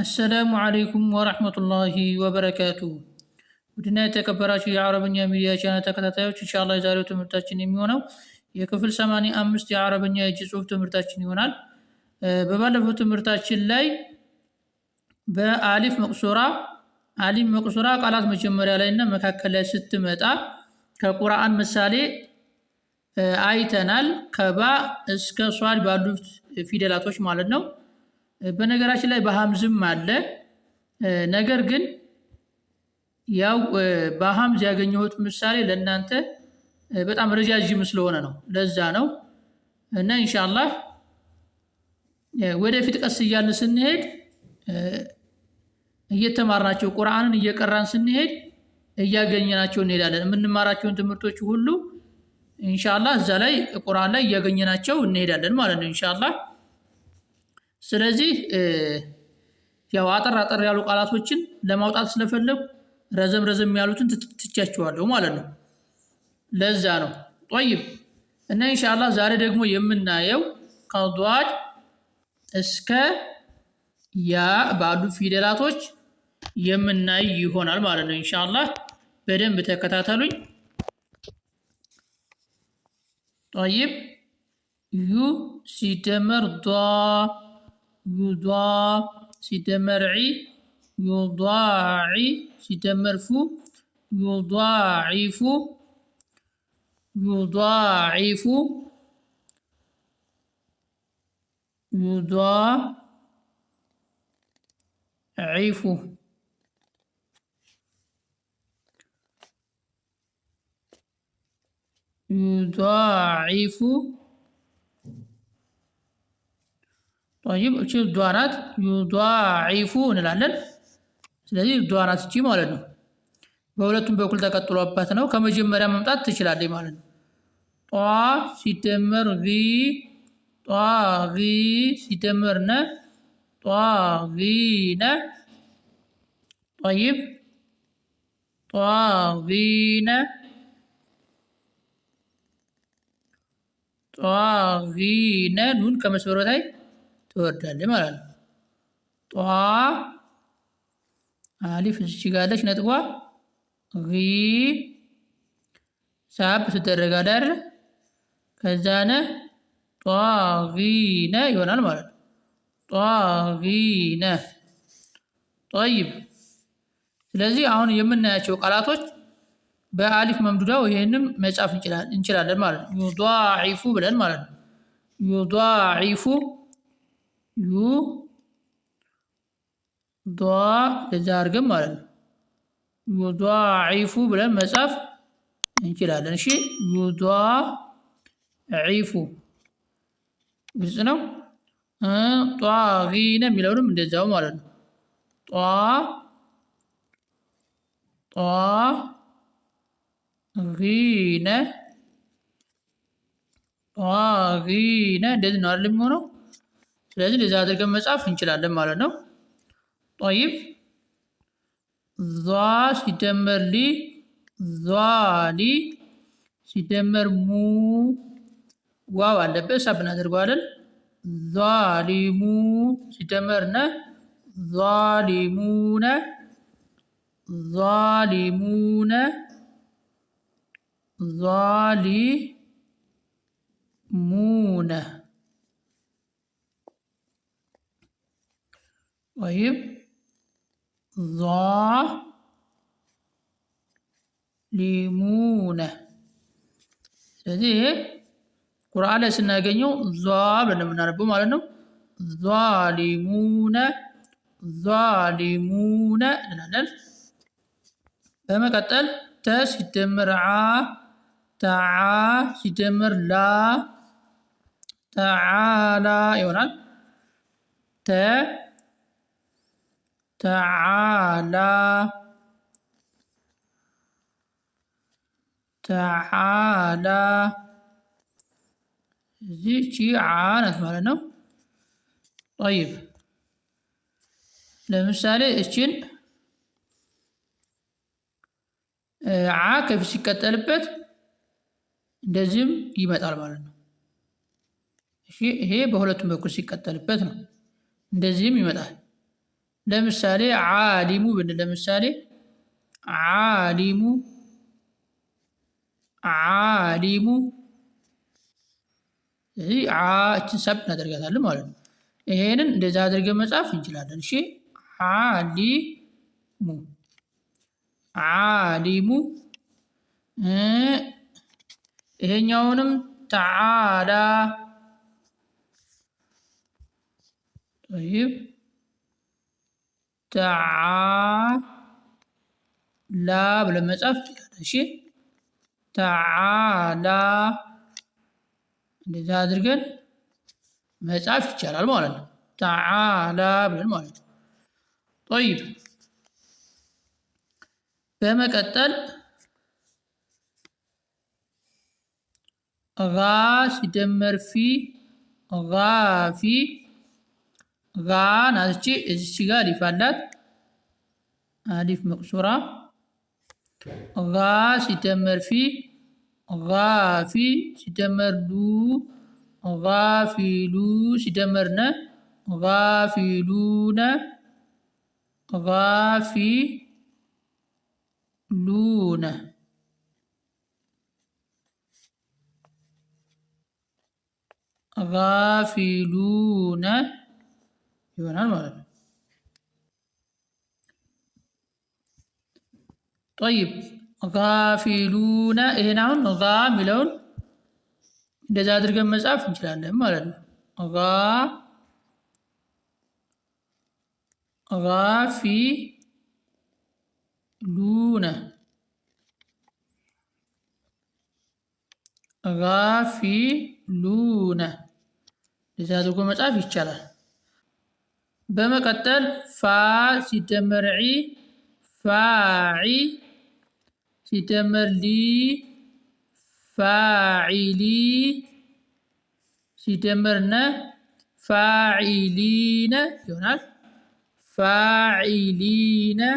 አሰላሙ አለይኩም ወረህመቱላሂ ወበረካቱ። ውድና የተከበራችሁ የአረብኛ ሚዲያ ቻናል ተከታታዮች እንሻላ የዛሬው ትምህርታችን የሚሆነው የክፍል ሰማንያ አምስት የአረብኛ የእጅ ጽሑፍ ትምህርታችን ይሆናል። በባለፈው ትምህርታችን ላይ በአሊፍ መቅሱራ አሊፍ መቅሱራ ቃላት መጀመሪያ ላይ እና መካከል ላይ ስትመጣ ከቁርአን ምሳሌ አይተናል። ከባ እስከ ሷድ ባሉት ፊደላቶች ማለት ነው። በነገራችን ላይ በሀምዝም አለ። ነገር ግን ያው በሐምዝ ያገኘሁት ምሳሌ ለእናንተ በጣም ረጃጅም ስለሆነ ነው። ለዛ ነው እና እንሻላ ወደፊት ቀስ እያልን ስንሄድ እየተማርናቸው ቁርአንን እየቀራን ስንሄድ እያገኘናቸው እንሄዳለን። የምንማራቸውን ትምህርቶች ሁሉ ኢንሻአላህ እዛ ላይ ቁርአን ላይ እያገኘናቸው እንሄዳለን ማለት ነው ኢንሻአላህ። ስለዚህ ያው አጠር አጠር ያሉ ቃላቶችን ለማውጣት ስለፈለጉ ረዘም ረዘም ያሉትን ትቻቸዋለሁ ማለት ነው። ለዛ ነው ጦይብ እና ኢንሻአላህ ዛሬ ደግሞ የምናየው ከዷድ እስከ ያ ባሉ ፊደላቶች የምናይ ይሆናል ማለት ነው። እንሻላ በደንብ ተከታተሉኝ። ጦይብ ዩ ሲደመር ዷ يضاع ستة مرعي يضاع ستة فو يضاعف يضاعف يضاعف يضاعف ወይም እቺ ዷናት ዩዳዒፉ እንላለን። ስለዚህ ዷናት እቺ ማለት ነው። በሁለቱም በኩል ተቀጥሎባት ነው። ከመጀመሪያ መምጣት ትችላለች ማለት ነው። ጧ ሲደመር ቪ ጧ ቪ ሲደመር ነ ጧ ቪ ነ ጠይብ ጧ ቪ ነ ጧ ቪ ነ ኑን ትወርዳለች ማለት ነው። ጧ አሊፍ እዚች ጋለች ነጥቧ ሳብ ዳር ከዛ ነ ጧጊነ ይሆናል ማለት ነው። ጧጊነ ጠይብ። ስለዚህ አሁን የምናያቸው ቃላቶች በአሊፍ መምዱዳው ይህንም መጻፍ እንችላለን ማለት ነው። ዩዳዒፉ ብለን ማለት ነው። ዩዳዒፉ ዩ የዛ አድርገን ማለት ነው። ዩዳዒፉ ብለን መጻፍ እንችላለን። እሺ ዩዳዒፉ ግልጽ ነው። ጧጊነ የሚለውንም እንደዛው ማለት ነው። ጧ ጧ ጊነ ጧጊነ እንደዚህ ነው አይደል የሚሆነው ስለዚህ እንደዚህ አድርገን መጻፍ እንችላለን ማለት ነው። ጠይብ ዟ ሲደመር ሊ ሊ ሲደመር ሙ ዋው አለበት ሳብ እናደርገዋለን። ዟሊሙ ሲደመር ነ ዟሊሙነ ዟሊሙነ ዟሊሙነ طيب ظا ليمونة سيدي قراءة سنة جنيو ظا بنا من ربو مالنا ظا ليمونة ظا ليمونة لنا نل فما قتل تا ستمر ع تا ع ستمر لا تعالى يونان تا ተዓላ ተዓላ እዚች አናት ማለት ነው። ጠይብ ለምሳሌ እችን ዓ ከፊት ሲቀጠልበት እንደዚህም ይመጣል ማለት ነው። ይሄ በሁለቱም በኩል ሲቀጠልበት ነው፣ እንደዚህም ይመጣል። ለምሳሌ ዓሊሙ ብንል ለምሳሌ ዓሊሙ ዓሊሙ እዚ ዓችን ሰብ እናደርጋታለን ማለት ነው። ይሄንን እንደዛ አድርገን መጻፍ እንችላለን። እሺ ዓሊሙ ዓሊሙ ይሄኛውንም ተዓላ ይብ تعالى بلا ما تصف شي تعالى اللي تادرقن ما تصف تشال المولد تعالى بلا المولد طيب فما قتل غا سيدمر في غا ዛ ናትቺ እዚች ጋ አሊፍ አላት። አሊፍ መቅሱራ ዛ ሲደመር ፊ ዛፊ ሲደመር ሉ ዛፊሉ ሲደመር ነ ዛፊሉነ ዛፊ ሉነ ዛፊሉነ ይሆናል ማለት ነው። ጠይብ ጋፊሉነ ይሄን አሁን ጋ የሚለውን እንደዛ አድርገን መጻፍ እንችላለን ማለት ነው። ጋፊሉነ ጋፊሉነ እንደዛ አድርጎ መጻፍ ይቻላል። بمقتل فا ستمر عي فا عي ستمر لي فا عيلي ستمرنا فا عيلينا يونال فا عيلينا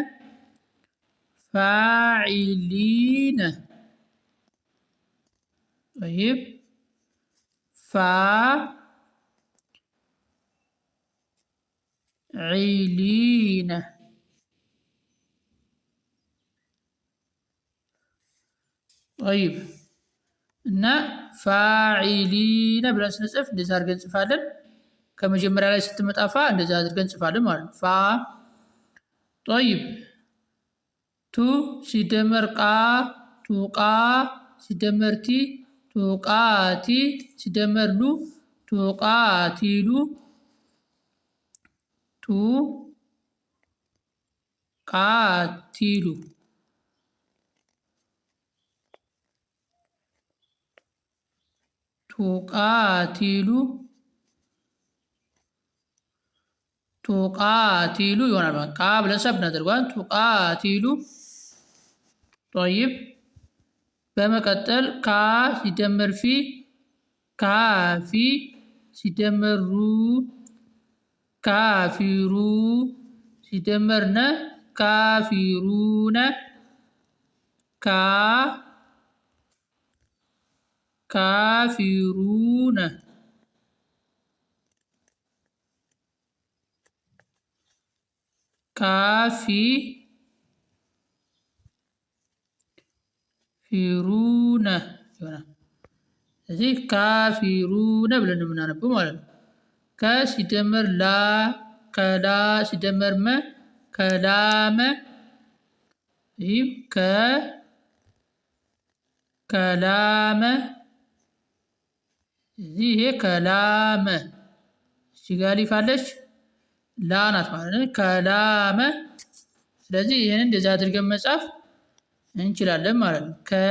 طيب فا ዒሊነ ጠይብ እና ፋዒሊነ ብለን ስንጽፍ እንደዛ አድርገን እንጽፋለን። ከመጀመሪያ ላይ ስትመጣ ፋ እንደዛ አድርገን እንጽፋለን ማለት ነው። ፋ ጠይብ ቱ ሲደመር ቃ ቱቃ ሲደመርቲ ቱቃቲ ሲደመር ሉ ቱቃቲሉ ቱቃቲሉ ቱቃቲሉ ቱቃቲሉ ይሆናል። ቃ ብለሰብ እናደርጓል። ቱቃቲሉ ጠይብ። በመቀጠል ካ ሲደመር ፊ ካፊ ሲደመር ሩ ካፊሩ ሲደመርነ ካፊሩነ ካ ካፊሩነ ካፊ ፊሩነ ይሆናል። ስለዚህ ካፊሩነ ብለን የምናነበው ማለት ነው። ከሲደመር ላ ከላ ሲደመር መ ከላመ ይህ ከ ከላመ ይሄ ከላመ እዚህ ጋር ሊፋለች ላ ናት ማለት ነው። ከላመ ስለዚህ ይህን እንደዚህ አድርገን መጻፍ እንችላለን ማለት ነው። ከ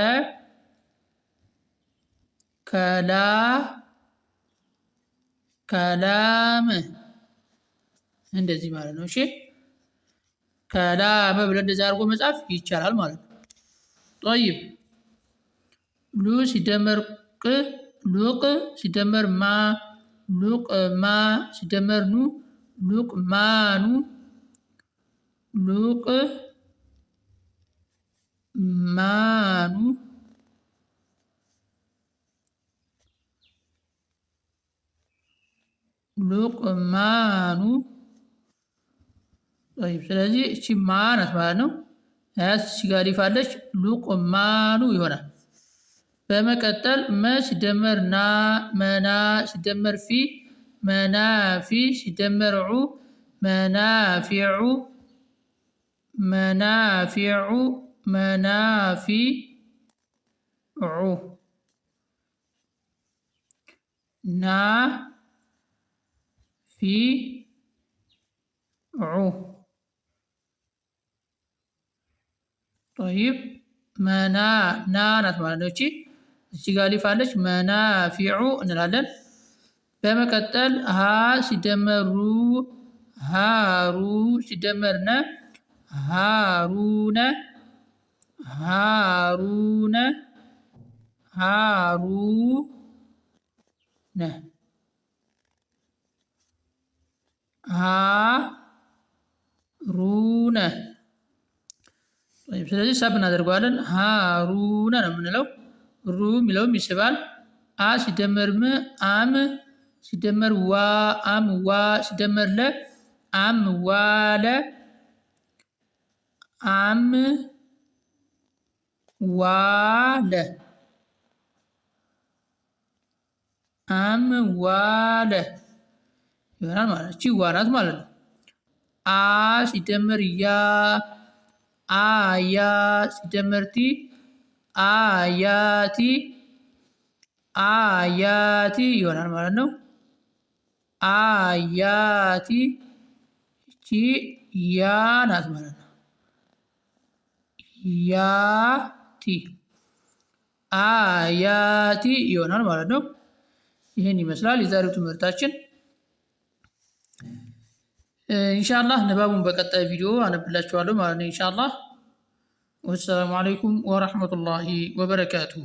ከላ ከላም እንደዚህ ማለት ነው። እሺ ከላም ብለን እንደዚህ አድርጎ መጻፍ ይቻላል ማለት ነው። ጦይብ ሉ ሲደመር ቅ ሉቅ ሲደመር ማ ሉቅ ማ ሲደመር ኑ ሉቅ ማኑ ሉቅ ማኑ ሉቅማኑ ይ ስለዚህ እቺ ማናት ማለት ነው። ያስ ጋር ይፋለች ሉቅማኑ ይሆናል። በመቀጠል መ ሲደመር ና መና ሲደመር ፊ መናፊ ሲደመር ዑ መናፊዑ መናፊዑ መናፊ ዑ ና ይዑ ጠይብ መና ና ናት ማለት ነው። እቺ እቺ ጋ ሊፍ አለች መናፊዑ እንላለን። በመቀጠል ሀ ሲደመሩ ሃሩ ሲደመርነ ሃሩነ ሃሩነ ሃሩነ ሃሩነ ስለዚህ ሰብ እናደርገዋለን። ሃሩነ ነው የምንለው። ሩ የሚለውም ይስባል። አ ሲደመር ም አም ሲደመር ዋ አም ዋ ሲደመር ለ አም ዋለ አም ዋለ አም ዋለ ይሆናል ማለት ነው። ቺዋ ናት ማለት ነው። አ ሲደመር ያ አያ ሲደመር ቲ አያቲ አያቲ ይሆናል ማለት ነው። አያቲ ቺ ያ ናት ማለት ነው። ያቲ አያቲ ይሆናል ማለት ነው። ይህን ይመስላል የዛሬው ትምህርታችን። ኢንሻአላህ ንባቡን በቀጣይ ቪዲዮ አነብላችኋለሁ ማለት ነው። ኢንሻአላህ ወሰላሙ አለይኩም ወረህመቱላሂ ወበረካቱሁ።